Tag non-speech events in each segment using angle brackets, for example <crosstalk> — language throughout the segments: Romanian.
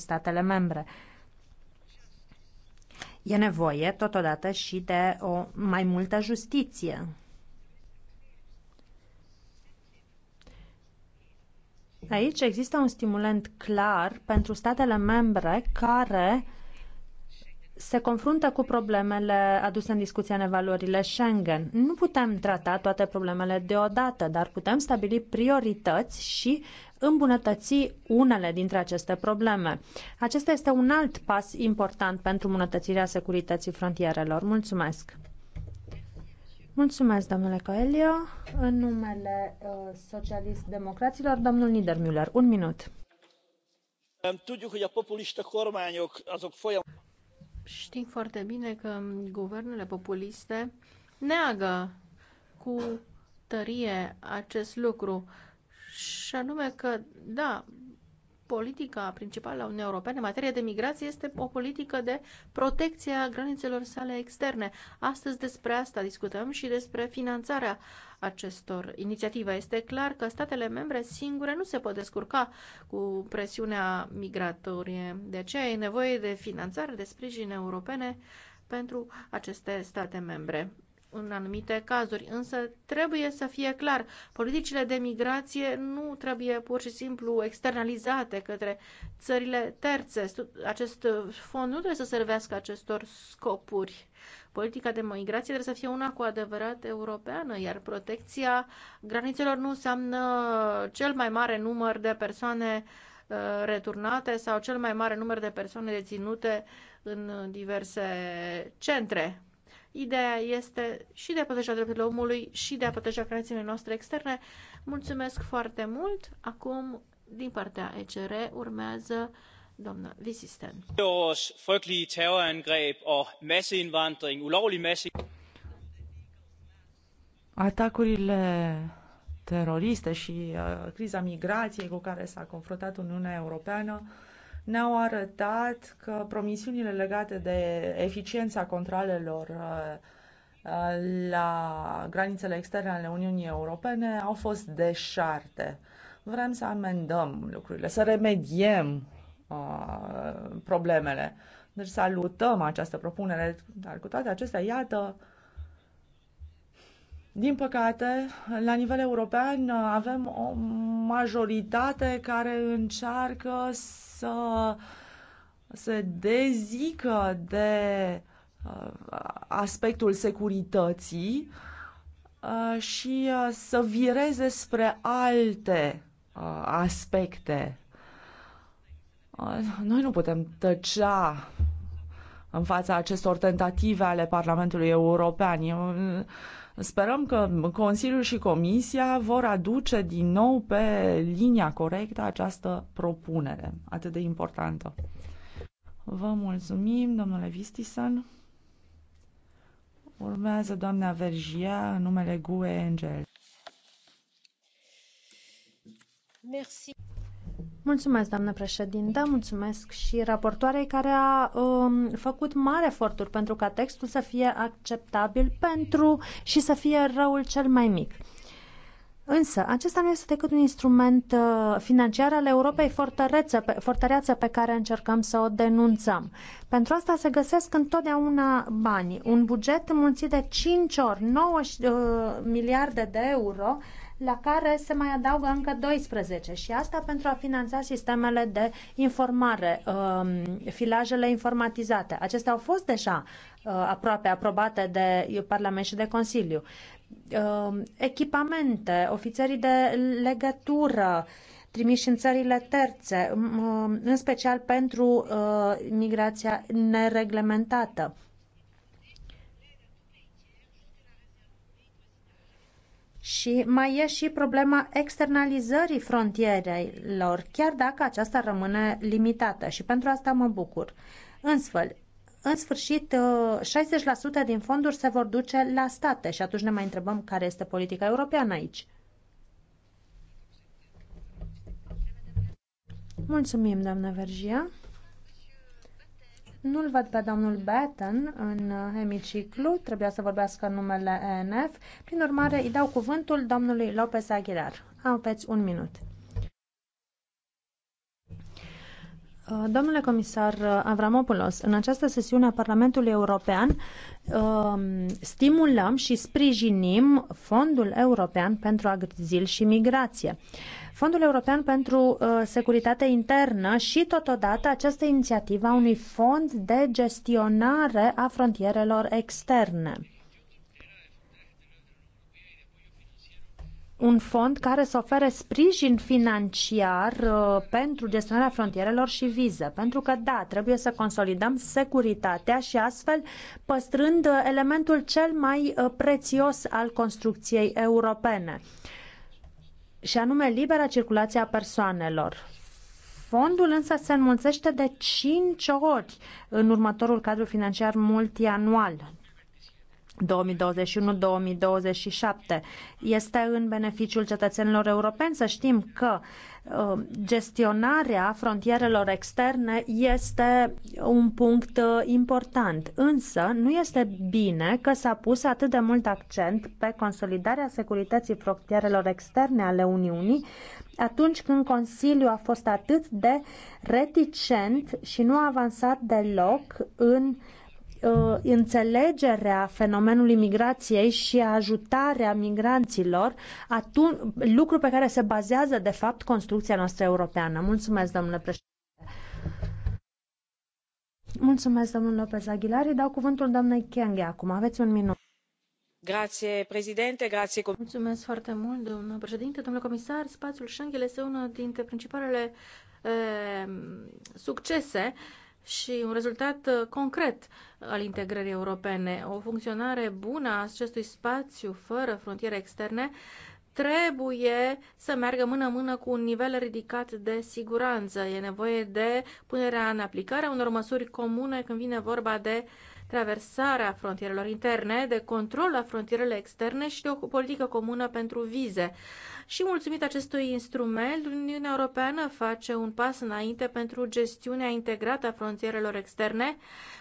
statele membre. E nevoie totodată și de o mai multă justiție. Aici există un stimulant clar pentru statele membre care uh, se confruntă cu problemele aduse în discuție în evaluările Schengen. Nu putem trata toate problemele deodată, dar putem stabili priorități și îmbunătăți unele dintre aceste probleme. Acesta este un alt pas important pentru îmbunătățirea securității frontierelor. Mulțumesc! Mulțumesc, domnule Coelio. În numele uh, socialist-democraților, domnul Niedermüller, un minut. Știm foarte bine că guvernele populiste neagă cu tărie acest lucru. Și anume că, da, politica principală a Uniunii Europene în materie de migrație este o politică de protecție a granițelor sale externe. Astăzi despre asta discutăm și despre finanțarea acestor inițiative. Este clar că statele membre singure nu se pot descurca cu presiunea migratorie. De aceea e nevoie de finanțare, de sprijin europene pentru aceste state membre în anumite cazuri, însă trebuie să fie clar, politicile de migrație nu trebuie pur și simplu externalizate către țările terțe. Acest fond nu trebuie să servească acestor scopuri. Politica de migrație trebuie să fie una cu adevărat europeană, iar protecția granițelor nu înseamnă cel mai mare număr de persoane uh, returnate sau cel mai mare număr de persoane deținute în diverse centre Ideea este și de a proteja drepturile omului și de a proteja granițele noastre externe. Mulțumesc foarte mult! Acum, din partea ECR, urmează doamna Visisten. Atacurile teroriste și uh, criza migrației cu care s-a confruntat Uniunea Europeană uh, ne-au arătat că promisiunile legate de eficiența controlelor uh, uh, la granițele externe ale Uniunii Europene au fost deșarte. Vrem să amendăm lucrurile, să remediem uh, problemele. Deci salutăm această propunere, dar cu toate acestea, iată, din păcate, la nivel european uh, avem o majoritate care încearcă să să se dezică de uh, aspectul securității uh, și uh, să vireze spre alte aspecte. Noi nu putem tăcea în fața acestor tentative ale Parlamentului European. Eu, Sperăm că Consiliul și Comisia vor aduce din nou pe linia corectă această propunere atât de importantă. Vă mulțumim, domnule Vistisan. Urmează doamna Vergia în numele GUE Angel. Merci. Mulțumesc, doamnă președintă, mulțumesc și raportoarei care a um, făcut mari eforturi pentru ca textul să fie acceptabil pentru și să fie răul cel mai mic. Însă, acesta nu este decât un instrument uh, financiar al Europei fortăreață pe, pe care încercăm să o denunțăm. Pentru asta se găsesc întotdeauna bani. Un buget mulțit de 5 ori 9 uh, miliarde de euro uh, la care se mai adaugă încă 12 și asta pentru a finanța sistemele de informare, um, filajele informatizate. Acestea au fost deja uh, aproape aprobate de Parlament și de Consiliu. Um, echipamente, ofițerii de legătură, trimiși în țările terțe, um, în special pentru uh, migrația nereglementată. Și mai e și problema externalizării frontierelor, chiar dacă aceasta rămâne limitată și pentru asta mă bucur. Însfăl, în sfârșit, 60% din fonduri se vor duce la state și atunci ne mai întrebăm care este politica europeană aici. Mulțumim, doamna Vergia. Nu-l văd pe domnul Batten în uh, hemiciclu, trebuia să vorbească în numele ENF. Prin urmare, îi dau cuvântul domnului Lopez Aguilar. Aveți un minut. Uh, domnule comisar uh, Avramopoulos, în această sesiune a Parlamentului European um, stimulăm și sprijinim Fondul European pentru Agrizil și Migrație. Fondul European pentru uh, Securitate Internă și totodată această inițiativă a unui fond de gestionare a frontierelor externe. un fond care să ofere sprijin financiar uh, pentru gestionarea frontierelor și viză. Pentru că, da, trebuie să consolidăm securitatea și astfel păstrând uh, elementul cel mai uh, prețios al construcției europene, și anume libera circulație a persoanelor. Fondul însă se înmulțește de 5 ori în următorul cadru financiar multianual, 2021-2027. Este în beneficiul cetățenilor europeni să știm că uh, gestionarea frontierelor externe este un punct uh, important, însă nu este bine că s-a pus atât de mult accent pe consolidarea securității frontierelor externe ale Uniunii atunci când Consiliul a fost atât de reticent și nu a avansat deloc în uh, Uh, înțelegerea fenomenului migrației și ajutarea migranților, atunci, lucru pe care se bazează, de fapt, construcția noastră europeană. Mulțumesc, domnule președinte. Mulțumesc, domnul Lopez Aguilar. Îi dau cuvântul doamnei Kenge acum. Aveți un minut. Grație, președinte, grazie... Mulțumesc foarte mult, domnul președinte, domnule comisar. Spațiul Schengen este unul dintre principalele e, eh, succese uh, și un rezultat uh, concret uh, al integrării europene. O funcționare bună a acestui spațiu fără frontiere externe trebuie să meargă mână-mână cu un nivel ridicat de siguranță. E nevoie de punerea în aplicare a unor măsuri comune când vine vorba de uh, traversarea frontierelor interne, de control la frontierele externe și de o politică comună pentru vize. Și mulțumit acestui instrument, Uniunea Europeană face un pas înainte pentru gestiunea integrată a frontierelor externe,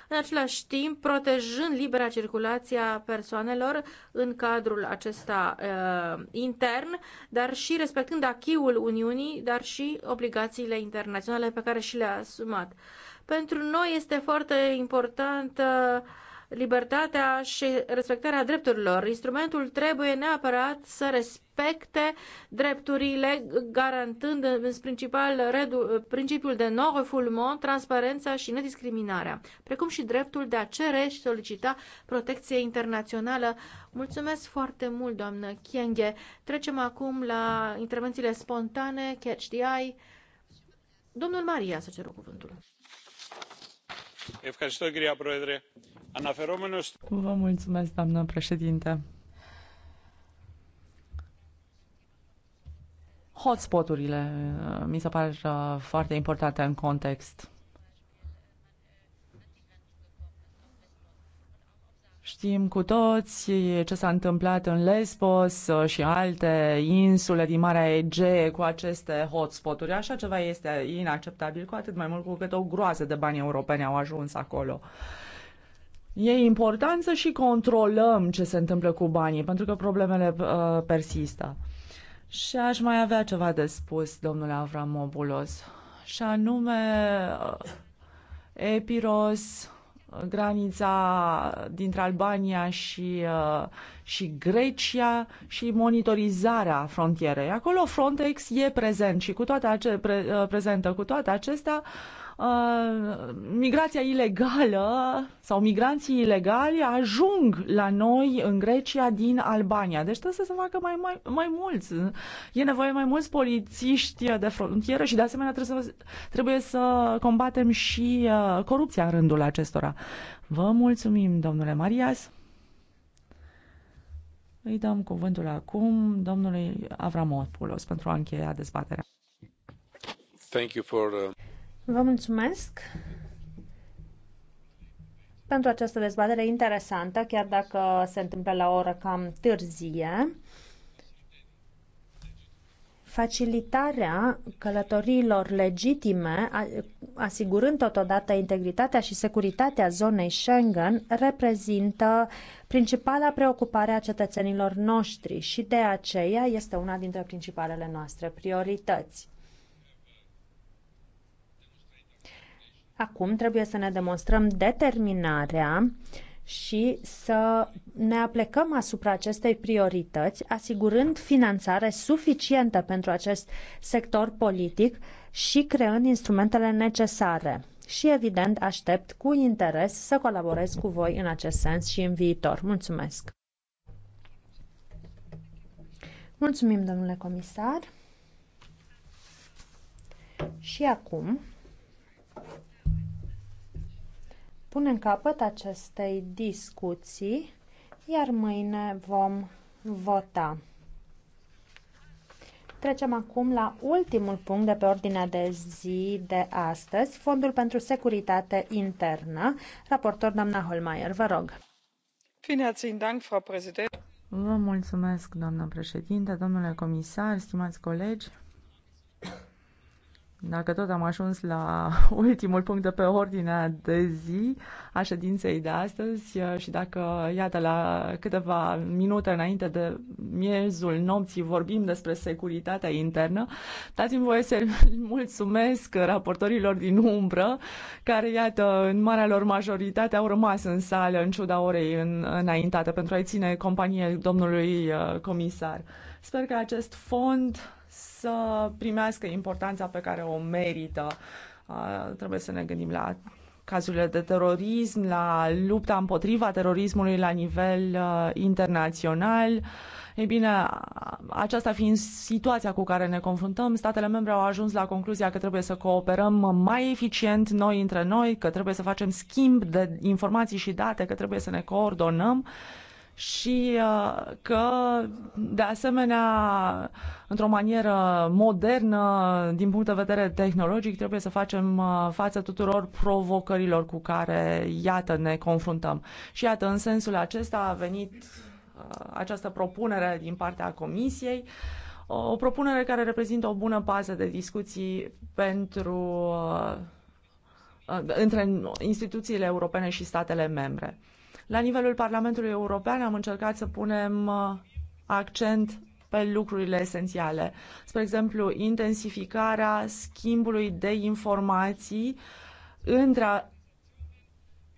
în același timp protejând libera circulație a persoanelor în cadrul acesta uh, intern, dar și respectând achiul Uniunii, dar și obligațiile internaționale pe care și le-a asumat. Pentru noi este foarte importantă libertatea și respectarea drepturilor. Instrumentul trebuie neapărat să respecte drepturile, garantând în principal principiul de non-refoulement, transparența și nediscriminarea, precum și dreptul de a cere și solicita protecție internațională. Mulțumesc foarte mult, doamnă Kienge. Trecem acum la intervențiile spontane, catch the eye. Domnul Maria să ceru cuvântul. Vă mulțumesc, doamnă președinte. Hotspoturile uh, mi se par uh, foarte importante în context. Știm cu toți ce s-a întâmplat în Lesbos uh, și alte insule din Marea Egee cu aceste hotspoturi. Așa ceva este inacceptabil, cu atât mai mult cu cât o groază de bani europeni au ajuns acolo. E important să și controlăm ce se întâmplă cu banii, pentru că problemele uh, persistă. Și aș mai avea ceva de spus, domnule Avramopoulos, și anume uh, Epiros, granița dintre Albania și, uh, și Grecia și monitorizarea frontierei. Acolo Frontex e prezent și cu toate ace- pre- uh, prezentă cu toate acestea Uh, migrația ilegală sau migranții ilegali ajung la noi în Grecia din Albania. Deci trebuie să se facă mai, mai, mai mulți. E nevoie mai mulți polițiști de frontieră și de asemenea trebuie să, trebuie să combatem și uh, corupția în rândul acestora. Vă mulțumim, domnule Marias. Îi dăm cuvântul acum domnului Avramopoulos pentru a încheia dezbaterea. Thank you for, uh... Vă mulțumesc pentru această dezbatere interesantă, chiar dacă se întâmplă la o oră cam târzie. Facilitarea călătoriilor legitime, asigurând totodată integritatea și securitatea zonei Schengen, reprezintă principala preocupare a cetățenilor noștri și de aceea este una dintre principalele noastre priorități. Acum trebuie să ne demonstrăm determinarea și să ne aplecăm asupra acestei priorități, asigurând finanțare suficientă pentru acest sector politic și creând instrumentele necesare. Și, evident, aștept cu interes să colaborez cu voi în acest sens și în viitor. Mulțumesc! Mulțumim, domnule comisar! Și acum punem capăt acestei discuții, iar mâine vom vota. Trecem acum la ultimul punct de pe ordinea de zi de astăzi, Fondul pentru Securitate Internă. Raportor doamna Holmeier, vă rog. Vă mulțumesc, doamnă președinte, domnule comisar, stimați colegi. Dacă tot am ajuns la <laughs> ultimul punct de pe ordinea de zi a ședinței de astăzi uh, și dacă, iată, la câteva minute înainte de miezul nopții vorbim despre securitatea internă, dați-mi voie să <laughs> mulțumesc raportorilor din umbră, care, iată, în marea lor majoritate au rămas în sală în ciuda orei în, înaintate pentru a-i ține companie domnului uh, comisar. Sper că acest fond să primească importanța pe care o merită. Trebuie să ne gândim la cazurile de terorism, la lupta împotriva terorismului la nivel uh, internațional. Ei bine, aceasta fiind situația cu care ne confruntăm, statele membre au ajuns la concluzia că trebuie să cooperăm mai eficient noi între noi, că trebuie să facem schimb de informații și date, că trebuie să ne coordonăm și uh, că, de asemenea, într-o manieră modernă, din punct de vedere tehnologic, trebuie să facem uh, față tuturor provocărilor cu care, iată, ne confruntăm. Și iată, în sensul acesta a venit uh, această propunere din partea Comisiei, o propunere care reprezintă o bună bază de discuții pentru între instituțiile europene și statele membre. La nivelul Parlamentului European am încercat să punem uh, accent pe lucrurile esențiale. Spre exemplu, intensificarea schimbului de informații între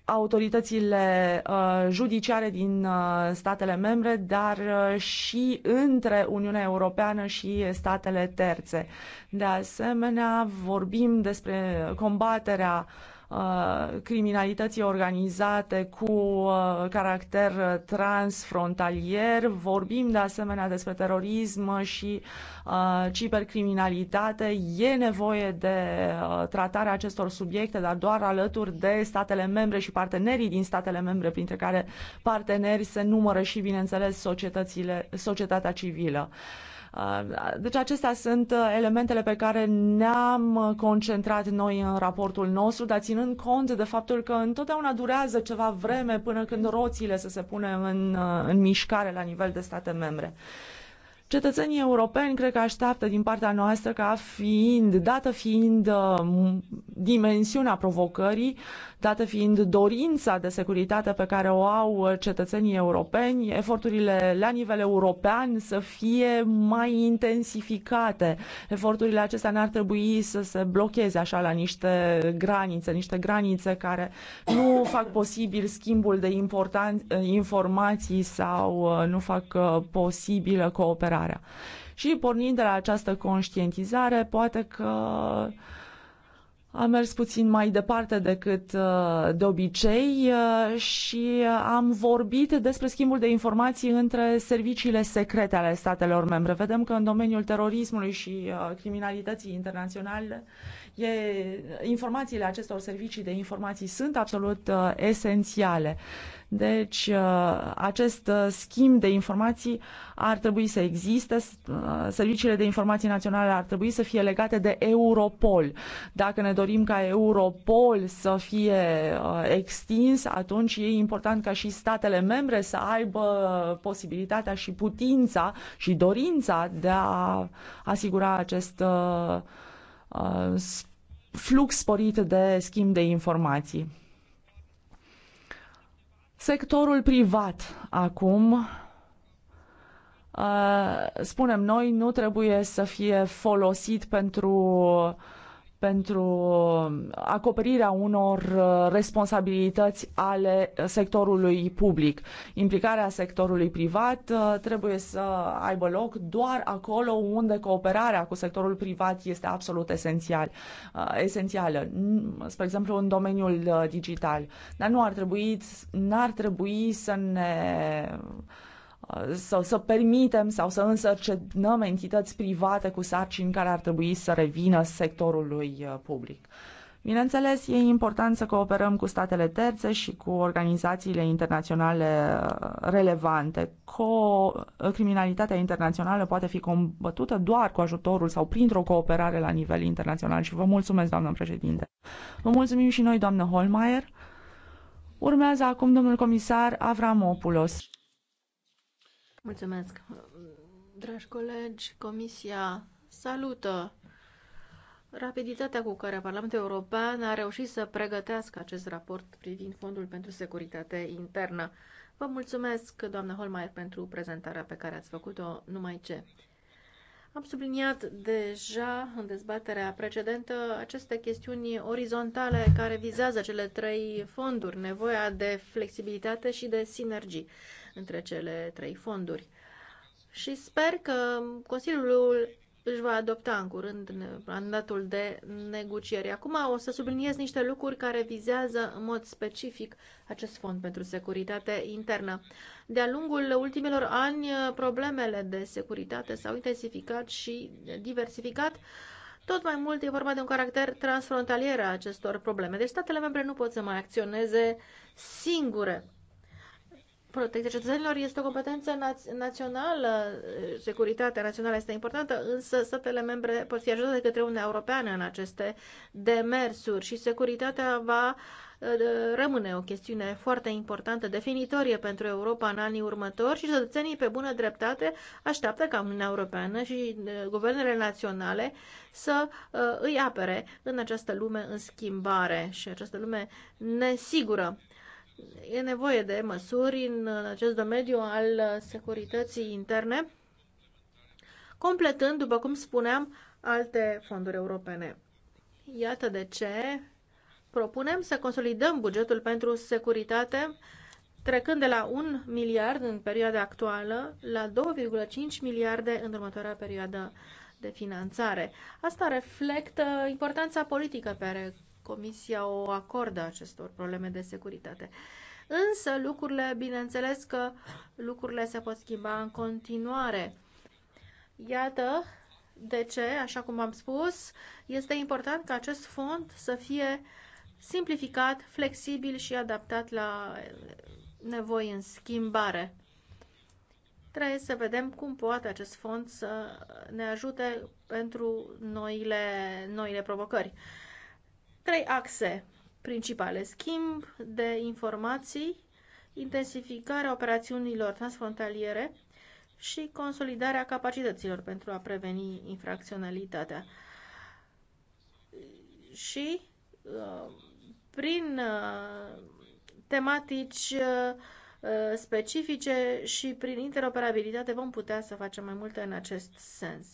autoritățile uh, judiciare din uh, statele membre, dar uh, și între Uniunea Europeană și statele terțe. De asemenea, vorbim despre combaterea uh, Uh, criminalității organizate cu uh, caracter transfrontalier. Vorbim de asemenea despre terorism și uh, cibercriminalitate. E nevoie de tratarea acestor subiecte, dar doar alături de statele membre și partenerii din statele membre, printre care parteneri se numără și, bineînțeles, societățile, societatea civilă. Uh, deci acestea sunt uh, elementele pe care ne-am uh, concentrat noi în raportul nostru, dar ținând cont de faptul că întotdeauna durează ceva vreme până când roțile să se pune în, în mișcare la nivel de state membre. Cetățenii europeni cred că așteaptă din partea noastră ca fiind, dată fiind dimensiunea provocării, dată fiind dorința de securitate pe care o au cetățenii europeni, eforturile la nivel european să fie mai intensificate. Eforturile acestea n-ar trebui să se blocheze așa la niște granițe, niște granițe care nu fac posibil schimbul de informații sau uh, nu fac uh, posibilă cooperarea. Și pornind de la această conștientizare, poate că am mers puțin mai departe decât uh, de obicei uh, și am vorbit despre schimbul de informații între serviciile secrete ale statelor membre. Vedem că în domeniul terorismului și uh, criminalității internaționale E, informațiile acestor servicii de informații sunt absolut uh, esențiale. Deci, uh, acest uh, schimb de informații ar trebui să existe. Uh, serviciile de informații naționale ar trebui să fie legate de Europol. Dacă ne dorim ca Europol să fie uh, extins, atunci e important ca și statele membre să aibă posibilitatea și putința și dorința de a asigura acest uh, Uh, flux sporit de schimb de informații. Sectorul privat acum uh, spunem noi, nu trebuie să fie folosit pentru pentru acoperirea unor uh, responsabilități ale sectorului public. Implicarea sectorului privat uh, trebuie să aibă loc doar acolo unde cooperarea cu sectorul privat este absolut esențial, uh, esențială, spre exemplu în domeniul digital. Dar nu ar trebui, n-ar trebui să ne sau să permitem sau să însărcinăm entități private cu sarcini care ar trebui să revină sectorului uh, public. Bineînțeles, e important să cooperăm cu statele terțe și cu organizațiile internaționale uh, relevante. Co- uh, criminalitatea internațională poate fi combătută doar cu ajutorul sau printr-o cooperare la nivel internațional și vă mulțumesc, doamnă președinte. Vă mulțumim și noi, doamnă Holmeier. Urmează acum domnul comisar Avramopoulos. Mulțumesc. Dragi colegi, Comisia salută rapiditatea cu care Parlamentul European a reușit să pregătească acest raport privind Fondul pentru Securitate Internă. Vă mulțumesc, doamnă Holmeier, pentru prezentarea pe care ați făcut-o numai ce. Am subliniat deja în dezbaterea precedentă aceste chestiuni orizontale care vizează cele trei fonduri, nevoia de flexibilitate și de sinergii între cele trei fonduri. Și sper că Consiliul își va adopta în curând mandatul de negociere. Acum o să subliniez niște lucruri care vizează în mod specific acest fond pentru securitate internă. De-a lungul ultimelor ani, problemele de securitate s-au intensificat și diversificat. Tot mai mult e vorba de un caracter transfrontalier a acestor probleme. Deci statele membre nu pot să mai acționeze singure protecția cetățenilor este o competență naț- națională, securitatea națională este importantă, însă statele membre pot fi ajutate de către Uniunea Europeană în aceste demersuri și securitatea va eh, rămâne o chestiune foarte importantă, definitorie pentru Europa în anii următori și cetățenii pe bună dreptate așteaptă ca Uniunea Europeană și eh, guvernele naționale să eh, îi apere în această lume în schimbare și această lume nesigură e nevoie de măsuri în acest domeniu al securității interne, completând, după cum spuneam, alte fonduri europene. Iată de ce propunem să consolidăm bugetul pentru securitate, trecând de la 1 miliard în perioada actuală la 2,5 miliarde în următoarea perioadă de finanțare. Asta reflectă importanța politică pe care Comisia o acordă acestor probleme de securitate. Însă lucrurile, bineînțeles că lucrurile se pot schimba în continuare. Iată de ce, așa cum am spus, este important ca acest fond să fie simplificat, flexibil și adaptat la nevoi în schimbare. Trebuie să vedem cum poate acest fond să ne ajute pentru noile, noile provocări. Trei axe principale. Schimb de informații, intensificarea operațiunilor transfrontaliere și consolidarea capacităților pentru a preveni infracționalitatea. Și uh, prin uh, tematici uh, specifice și prin interoperabilitate vom putea să facem mai multe în acest sens.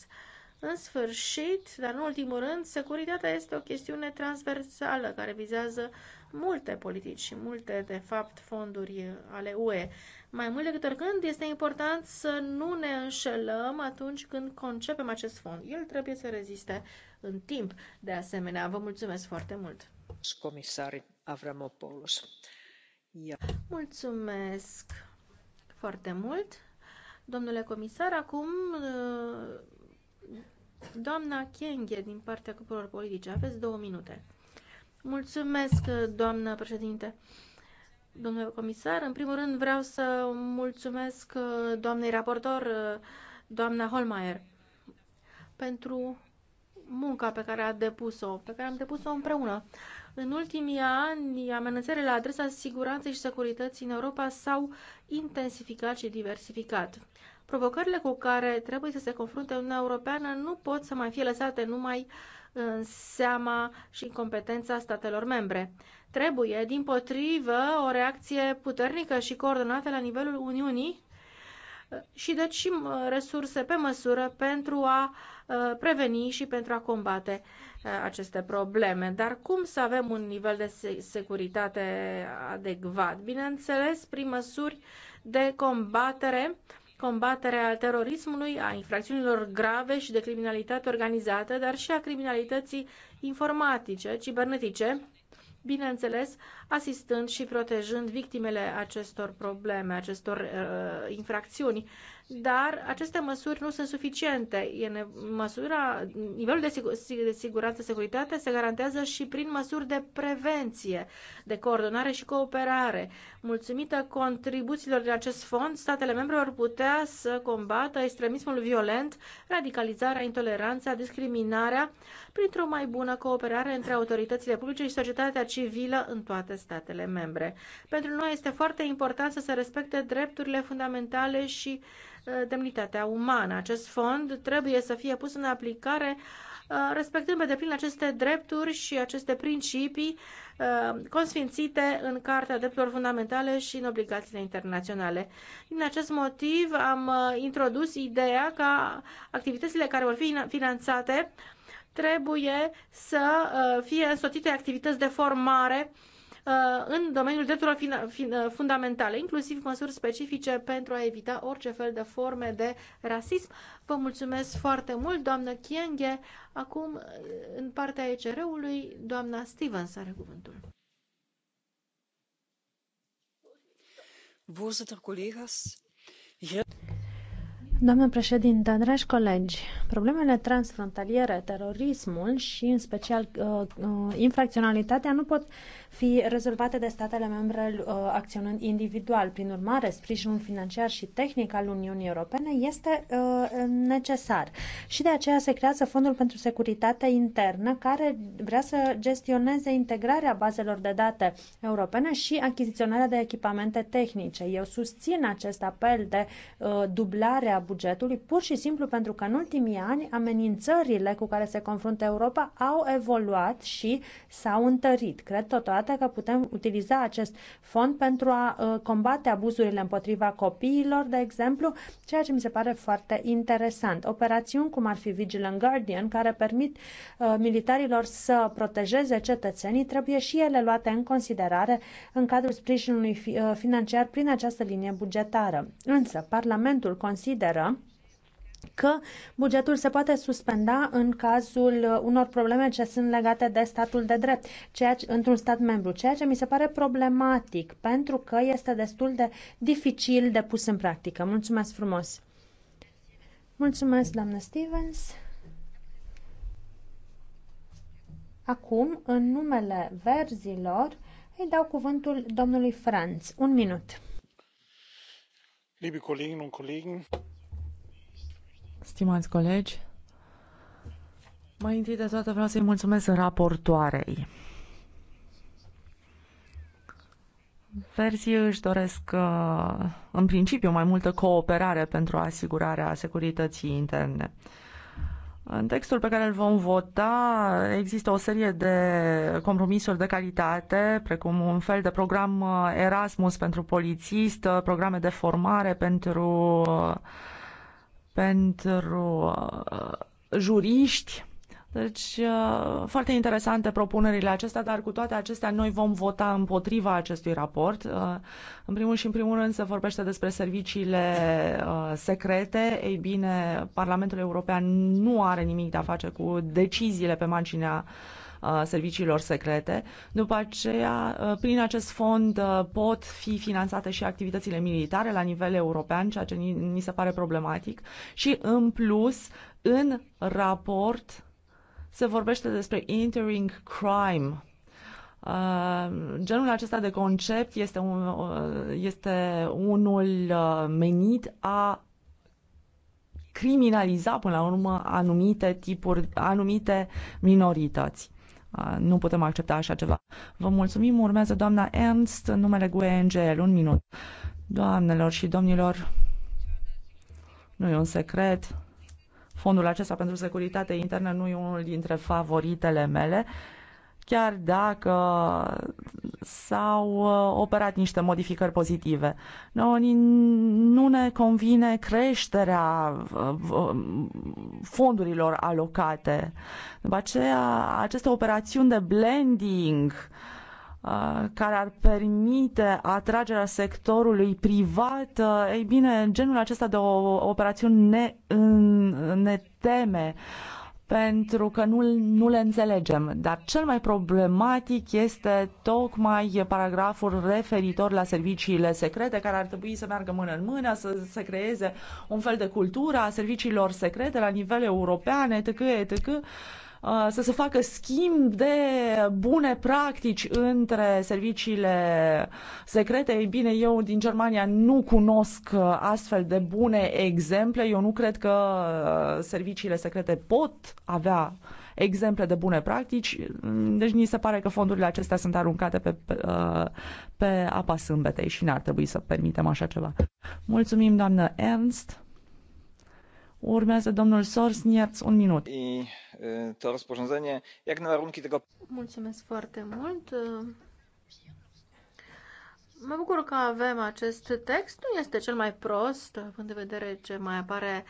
În sfârșit, dar nu ultimul rând, securitatea este o chestiune transversală care vizează multe politici și multe, de fapt, fonduri ale UE. Mai mult decât oricând, este important să nu ne înșelăm atunci când concepem acest fond. El trebuie să reziste în timp. De asemenea, vă mulțumesc foarte mult! Comisar Avramopoulos. Mulțumesc foarte mult! Domnule comisar, acum Doamna Kenghe, din partea grupurilor politice, aveți două minute. Mulțumesc, doamnă președinte. Domnule comisar, în primul rând vreau să mulțumesc uh, doamnei raportor, uh, doamna Holmeier, pentru munca pe care a depus-o, pe care am depus-o împreună. În ultimii ani, amenințările la adresa siguranței și securității în Europa s-au intensificat și diversificat. Provocările cu care trebuie să se confrunte Uniunea Europeană nu pot să mai fie lăsate numai în seama și în competența statelor membre. Trebuie, din potrivă, o reacție puternică și coordonată la nivelul Uniunii uh, și deci și uh, resurse pe măsură pentru a uh, preveni și pentru a combate aceste probleme. Dar cum să avem un nivel de securitate adecvat? Bineînțeles, prin măsuri de combatere uh, combaterea terorismului, a infracțiunilor grave și de criminalitate organizată, dar și a criminalității informatice, cibernetice, bineînțeles, asistând și protejând victimele acestor probleme, acestor uh, infracțiuni. Dar aceste măsuri nu sunt suficiente. E măsura, nivelul de, sigur, de siguranță, securitate se garantează și prin măsuri de prevenție, de coordonare și cooperare. Mulțumită contribuțiilor din acest fond, statele membre vor putea să combată extremismul violent, radicalizarea, intoleranța, discriminarea, printr-o mai bună cooperare între autoritățile publice și societatea civilă în toate statele membre. Pentru noi este foarte important să se respecte drepturile fundamentale și uh, demnitatea umană. Acest fond trebuie să fie pus în aplicare uh, respectând pe deplin aceste drepturi și aceste principii uh, consfințite în Cartea Drepturilor Fundamentale și în obligațiile internaționale. Din acest motiv am introdus ideea ca activitățile care vor fi finanțate trebuie să fie însoțite activități de formare uh, Uh, în domeniul drepturilor uh, fundamentale, inclusiv măsuri specifice pentru a evita orice fel de forme de rasism. Vă mulțumesc foarte mult, doamnă Chienghe. Acum, uh, în partea ECR-ului, doamna Stevens are cuvântul. Voorzitter, collega's. Doamnă Președinte, dragi colegi, problemele transfrontaliere, terorismul și, în special, uh, uh, infracționalitatea nu pot fi rezolvate de statele membre uh, acționând individual. Prin urmare, sprijinul financiar și tehnic al Uniunii Europene este necesar. Și de aceea se creează Fondul pentru Securitate Internă, care vrea să gestioneze integrarea bazelor de date europene și achiziționarea de echipamente tehnice. Eu susțin acest apel de dublare a bugetului pur și simplu pentru că în ultimii ani amenințările cu care se confruntă Europa au evoluat și s-au întărit. Cred totodată că putem utiliza acest fond pentru a uh, combate abuzurile împotriva copiilor, de exemplu, ceea ce mi se pare foarte interesant. Operațiuni cum ar fi Vigilant Guardian, care permit uh, militarilor să protejeze cetățenii, trebuie și ele luate în considerare în cadrul sprijinului uh, financiar prin această linie bugetară. Însă, Parlamentul consideră consideră că bugetul se poate suspenda în cazul unor probleme ce sunt legate de statul de drept ceea ce, într-un stat membru, ceea ce mi se pare problematic, pentru că este destul de dificil de pus în practică. Mulțumesc frumos! Mulțumesc, doamnă Stevens! Acum, în numele verzilor, îi dau cuvântul domnului Franz. Un minut. Liebe Kolleginnen und Kollegen, Stimați colegi, mai întâi de toate vreau să-i mulțumesc raportoarei. Versii își doresc uh, în principiu mai multă cooperare pentru asigurarea securității interne. În textul pe care îl vom vota există o serie de compromisuri de calitate, precum un fel de program uh, Erasmus pentru polițist, uh, programe de formare pentru uh, pentru uh, juriști. Deci, uh, foarte interesante propunerile acestea, dar cu toate acestea noi vom vota împotriva acestui raport. Uh, în primul și în primul rând se vorbește despre serviciile secrete. Ei bine, Parlamentul European nu are nimic de a face cu deciziile pe marginea uh, serviciilor secrete. După aceea, prin acest fond pot fi finanțate și activitățile militare la nivel european, ceea ce ni, se pare problematic. Și, în plus, în raport se vorbește despre entering crime, genul acesta de concept este, un, este unul menit a criminaliza până la urmă anumite tipuri, anumite minorități. Nu putem accepta așa ceva. Vă mulțumim. Urmează doamna Ernst, numele GUE-NGL. Un minut. Doamnelor și domnilor, nu e un secret. Fondul acesta pentru securitate internă nu e unul dintre favoritele mele chiar dacă s-au uh, operat niște modificări pozitive. Noi nu ne convine creșterea uh, uh, fondurilor alocate. După aceea, aceste operațiuni de blending care ar permite atragerea sectorului privat, ei bine, genul acesta de operațiuni ne, ne teme. Uh, pentru că nu, nu le înțelegem. Dar cel mai problematic este tocmai paragraful referitor la serviciile secrete, care ar trebui să meargă mână în mână, să se creeze un fel de cultură a serviciilor secrete la nivel european, etc., etc., Uh, să se facă schimb de bune practici între serviciile secrete. Ei bine, eu din Germania nu cunosc uh, astfel de bune exemple. Eu nu cred că uh, serviciile secrete pot avea exemple de bune practici. Mm, deci ni se pare că fondurile acestea sunt aruncate pe, pe, pe apa sâmbetei și n-ar trebui să permitem așa ceva. Mulțumim, doamnă Ernst. Urmează domnul Sors, un minut. E to rozporządzenie jak na warunki tego. Mulțumesc foarte mult. Mă bucur că avem acest text. Nu este cel mai prost, având în vedere ce mai apare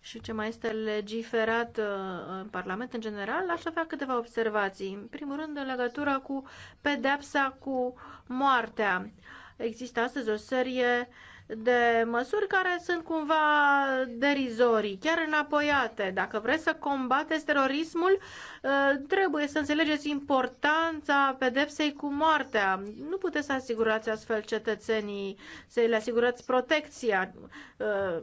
și ce mai este legiferat uh, în Parlament în general, aș avea câteva observații. În primul rând, în legătură cu pedepsa cu moartea. Există astăzi o serie uh, de măsuri care sunt cumva derizorii, chiar înapoiate. Dacă vreți să combateți terorismul, uh, trebuie să înțelegeți importanța pedepsei cu moartea. Nu puteți să asigurați astfel cetățenii, să le asigurați protecția. Uh,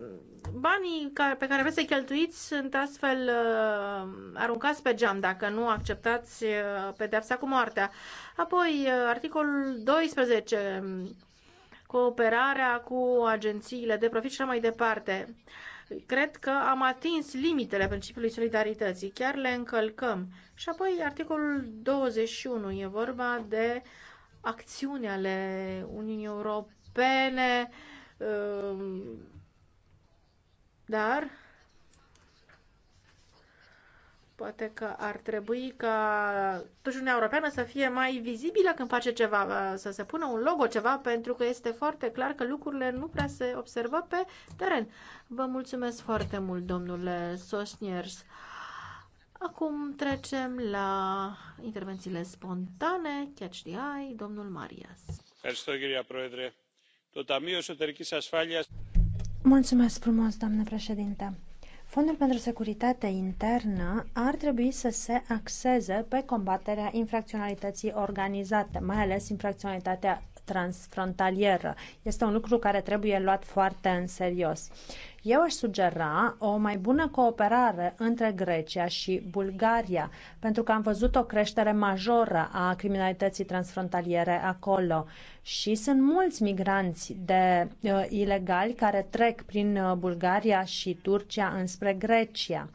banii pe care vreți să-i cheltuiți sunt astfel uh, aruncați pe geam dacă nu acceptați pedepsa cu moartea. Apoi, articolul 12 cooperarea cu agențiile de profit și așa mai departe. Cred că am atins limitele principiului solidarității, chiar le încălcăm. Și apoi articolul 21 e vorba de acțiune ale Uniunii Europene, um, dar Poate că ar trebui ca totuși Uniunea Europeană să fie mai vizibilă când face ceva, să se pună un logo, ceva, pentru că este foarte clar că lucrurile nu prea se observă pe teren. Vă mulțumesc foarte mult, domnule Sosniers. Acum trecem la intervențiile spontane. Catch the Eye, domnul Marias. Mulțumesc frumos, doamnă președinte Fondul pentru Securitate Internă ar trebui să se axeze pe combaterea infracționalității organizate, mai ales infracționalitatea transfrontalieră. Este un lucru care trebuie luat foarte în serios. Eu aș sugera o mai bună cooperare între Grecia și Bulgaria, pentru că am văzut o creștere majoră a criminalității transfrontaliere acolo și sunt mulți migranți de uh, ilegali care trec prin uh, Bulgaria și Turcia înspre Grecia.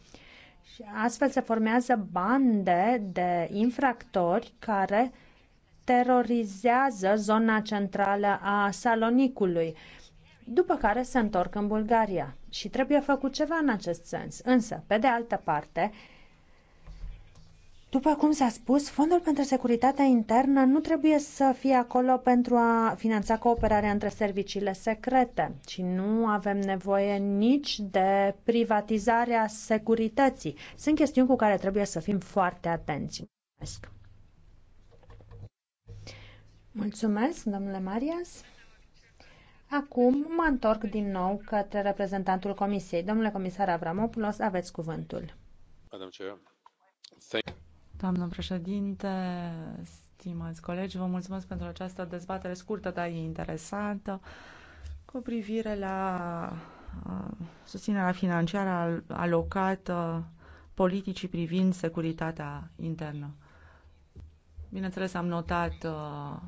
Și astfel se formează bande de infractori care uh, terorizează zona centrală a Salonicului, după care se întorc în Bulgaria. Și trebuie făcut ceva în acest sens. Însă, pe de altă parte, după cum s-a spus, Fondul pentru Securitatea Internă nu trebuie să fie acolo pentru a finanța cooperarea între serviciile secrete și nu avem nevoie nici de privatizarea securității. Sunt chestiuni cu care trebuie să fim foarte atenți. Mulțumesc. Mulțumesc, domnule Marias. Acum mă întorc din nou către reprezentantul Comisiei. Domnule comisar Avramopoulos, aveți cuvântul. Doamnă președinte, stimați colegi, vă mulțumesc pentru această dezbatere scurtă, dar interesantă, cu privire la susținerea financiară alocată politicii privind securitatea internă. Bineînțeles, am notat uh,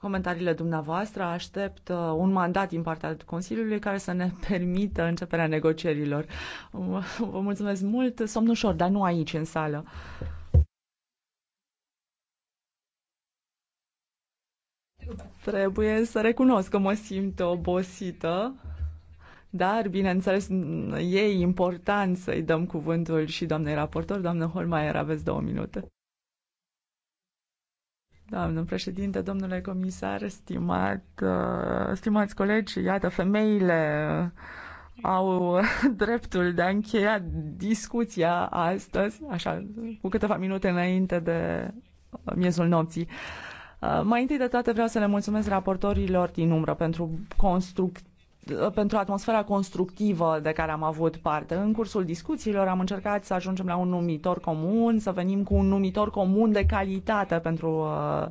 comentariile dumneavoastră. Aștept uh, un mandat din partea Consiliului care să ne <laughs> permită începerea negocierilor. Vă mulțumesc mult, somn ușor, dar nu aici, în sală. Trebuie să recunosc că mă simt obosită, dar, bineînțeles, e important să-i dăm cuvântul și doamnei raportor. Doamnă Holmaier, aveți două minute. Doamnă președinte, domnule comisar, stimat, uh, stimați colegi, iată, femeile uh, au uh, <laughs> dreptul de a încheia discuția astăzi, așa, cu câteva minute înainte de miezul nopții. Mai întâi de toate vreau să le mulțumesc raportorilor din umbră pentru construct pentru atmosfera constructivă de care am avut parte. În cursul discuțiilor am încercat să ajungem la un numitor comun, să venim cu un numitor comun de calitate pentru uh,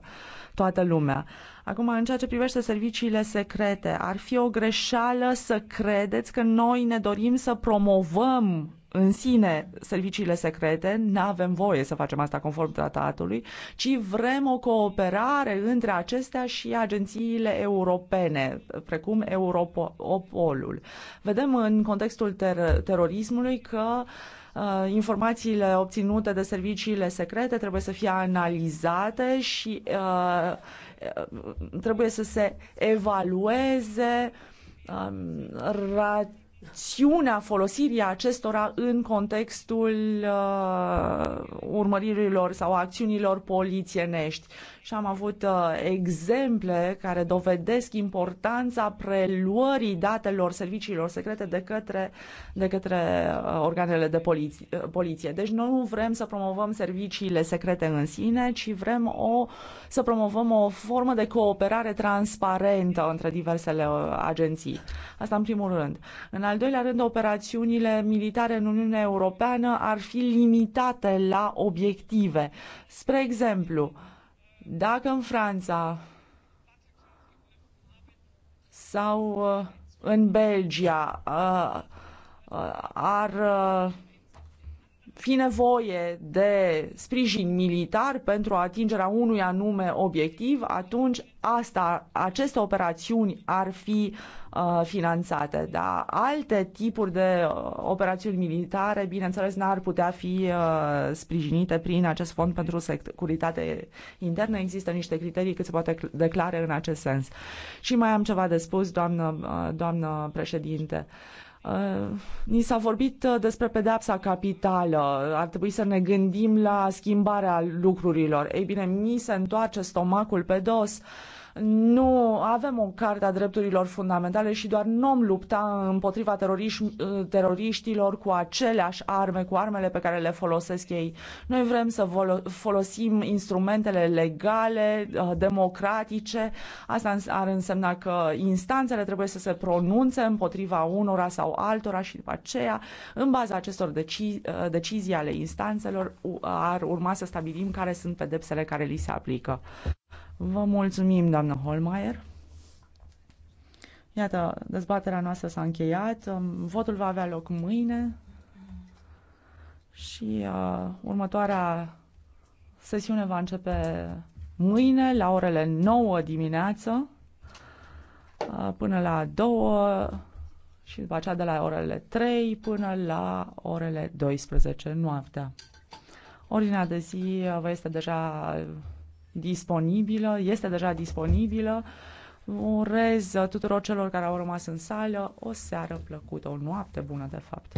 toată lumea. Acum, în ceea ce privește serviciile secrete, ar fi o greșeală să credeți că noi ne dorim să promovăm în sine serviciile secrete, nu avem voie să facem asta conform tratatului, ci vrem o cooperare între acestea și agențiile europene, precum Europolul. Vedem în contextul ter- terorismului că uh, informațiile obținute de serviciile secrete trebuie să fie analizate și uh, trebuie să se evalueze um, rat acțiunea, folosirea acestora în contextul uh, urmăririlor sau acțiunilor polițienești și am avut uh, exemple care dovedesc importanța preluării datelor serviciilor secrete de către, de către uh, organele de poliție, uh, poliție. Deci nu vrem să promovăm serviciile secrete în sine, ci vrem o, să promovăm o formă de cooperare transparentă între diversele uh, agenții. Asta în primul rând. În al doilea rând, operațiunile militare în Uniunea Europeană ar fi limitate la obiective. Spre exemplu, uh, dacă în Franța sau uh, în Belgia uh, uh, ar fi nevoie de sprijin militar pentru atingerea unui anume obiectiv, atunci asta, aceste operațiuni ar fi uh, finanțate. Dar alte tipuri de uh, operațiuni militare, bineînțeles, n-ar putea fi uh, sprijinite prin acest fond pentru securitate internă. Există niște criterii cât se poate declare în acest sens. Și mai am ceva de spus, doamnă, uh, doamnă președinte. Uh, Uh, ni s-a vorbit uh, despre pedepsa capitală, ar trebui să ne gândim la schimbarea lucrurilor. Ei bine, mi se întoarce stomacul pe dos. Uh, nu avem o carte a drepturilor fundamentale și doar nu om lupta împotriva uh, teroriștilor cu aceleași arme, cu armele pe care le folosesc ei. Noi vrem să folosim instrumentele legale, uh, democratice. Asta ar însemna că instanțele trebuie să se pronunțe împotriva unora sau altora și după aceea, în baza acestor deci- uh, decizii ale instanțelor, ar urma să stabilim care sunt pedepsele care li se aplică. Vă mulțumim, doamnă Holmeier. Iată, dezbaterea noastră s-a încheiat. Um, votul va avea loc mâine și uh, următoarea sesiune va începe mâine la orele 9 dimineață uh, până la 2 și după aceea de la orele 3 până la orele 12 noaptea. Ordinea de zi uh, vă este deja disponibilă, este deja disponibilă. Urez tuturor celor care au rămas în sală o seară plăcută, o noapte bună, de fapt.